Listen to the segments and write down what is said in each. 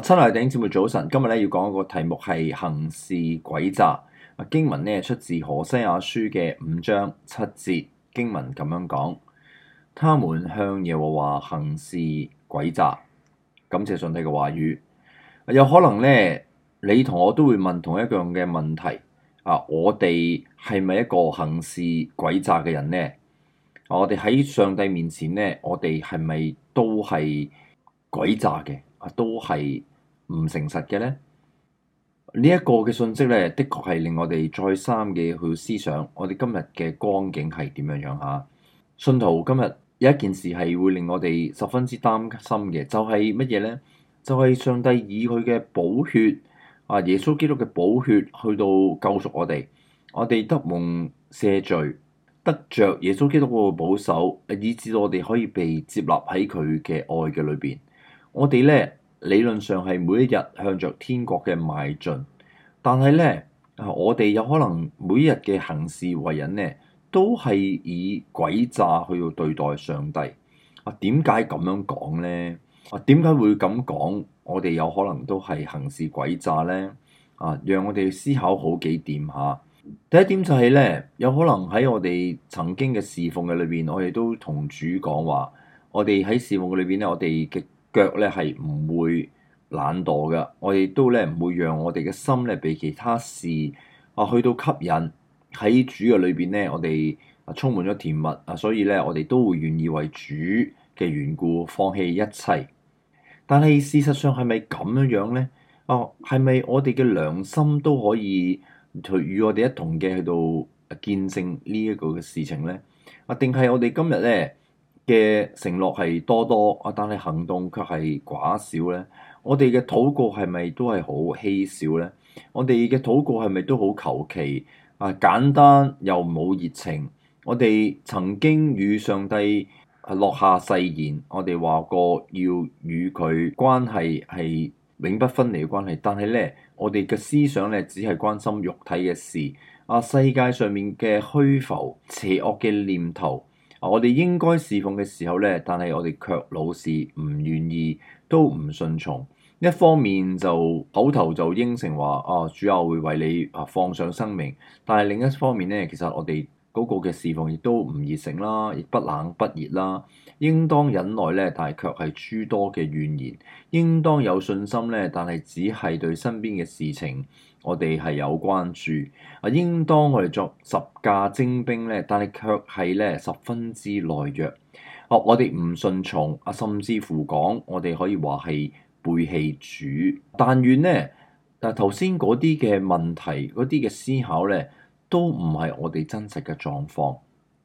親愛嘅弟兄姊妹，早晨！今日咧要講一個題目係行事詭詐。經文咧出自《何西阿書》嘅五章七節，經文咁樣講：他們向耶和華行事詭詐。感謝上帝嘅話語。有可能咧，你同我都會問同一樣嘅問題：啊，我哋係咪一個行事詭詐嘅人咧？我哋喺上帝面前咧，我哋係咪都係詭詐嘅？啊，都係。唔誠實嘅咧，呢一個嘅信息咧，的確係令我哋再三嘅去思想，我哋今日嘅光景係點樣樣嚇？信徒今日有一件事係會令我哋十分之擔心嘅，就係乜嘢呢？就係上帝以佢嘅寶血啊，耶穌基督嘅寶血去到救贖我哋，我哋得蒙赦罪，得着耶穌基督嘅保守，以致我哋可以被接納喺佢嘅愛嘅裏邊。我哋咧。理論上係每一日向着天國嘅邁進，但係咧，我哋有可能每一日嘅行事為人咧，都係以詭詐去到對待上帝。啊，點解咁樣講咧？啊，點解會咁講？我哋有可能都係行事詭詐咧？啊，讓我哋思考好幾點下。第一點就係咧，有可能喺我哋曾經嘅侍奉嘅裏邊，我哋都同主講話，我哋喺侍奉嘅裏邊咧，我哋嘅。腳咧係唔會懶惰嘅，我哋都咧唔會讓我哋嘅心咧被其他事啊去到吸引喺主嘅裏邊咧，我哋啊充滿咗甜蜜啊，所以咧我哋都會願意為主嘅緣故放棄一切。但係事實上係咪咁樣樣咧？啊，係咪我哋嘅良心都可以與我哋一同嘅去到見證呢一個嘅事情咧？啊，定係我哋今日咧？嘅承諾係多多啊，但係行動卻係寡少咧。我哋嘅禱告係咪都係好稀少咧？我哋嘅禱告係咪都好求其啊？簡單又冇熱情。我哋曾經與上帝落下誓言，我哋話過要與佢關係係永不分離嘅關係，但係咧，我哋嘅思想咧，只係關心肉體嘅事啊，世界上面嘅虛浮、邪惡嘅念頭。我哋應該侍奉嘅時候咧，但係我哋卻老是唔願意，都唔順從。一方面就口頭就應承話啊，主啊會為你啊放上生命，但係另一方面咧，其實我哋，嗰個嘅侍奉亦都唔熱誠啦，亦不冷不熱啦，應當忍耐咧，但係卻係諸多嘅怨言；應當有信心咧，但係只係對身邊嘅事情，我哋係有關注啊。應當我哋作十架精兵咧，但係卻係咧十分之懦弱。哦，我哋唔順從啊，甚至乎講我哋可以話係背棄主。但願呢，但頭先嗰啲嘅問題，嗰啲嘅思考咧。都唔係我哋真實嘅狀況，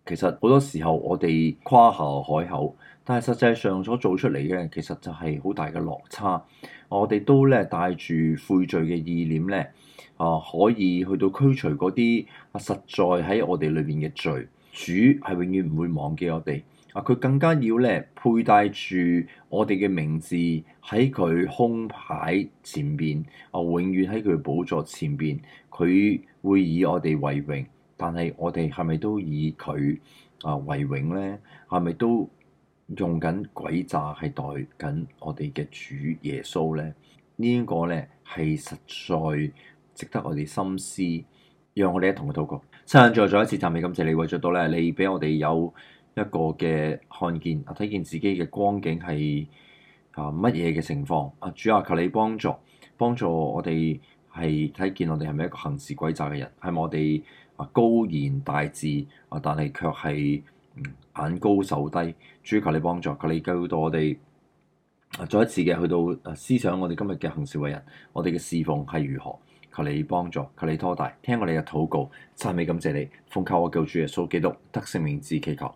其實好多時候我哋誇下海口，但係實際上所做出嚟嘅，其實就係好大嘅落差。我哋都咧帶住悔罪嘅意念咧，啊，可以去到驅除嗰啲啊實在喺我哋裏邊嘅罪。主係永遠唔會忘記我哋。啊！佢更加要咧，佩戴住我哋嘅名字喺佢胸牌前邊啊，永遠喺佢寶座前邊，佢會以我哋為榮。但係我哋係咪都以佢啊為榮呢？係咪都用緊詭詐係待緊我哋嘅主耶穌呢？呢、這個呢係實在值得我哋深思。讓我哋一同去禱告。親近在再一次讚美感謝你為咗到咧，你俾我哋有，一個嘅看見啊，睇見自己嘅光景係啊乜嘢嘅情況啊？況主啊，求你幫助幫助我哋係睇見我哋係咪一個行事詭詐嘅人？係咪我哋啊高言大志啊，但係卻係眼高手低？主要求你幫助，求你救到我哋再、啊、一次嘅去到思想我哋今日嘅行事為人，我哋嘅侍奉係如何？求你幫助，求你拖大聽我哋嘅禱告，讚美感謝你，奉靠我救主耶穌基督得勝名字祈求。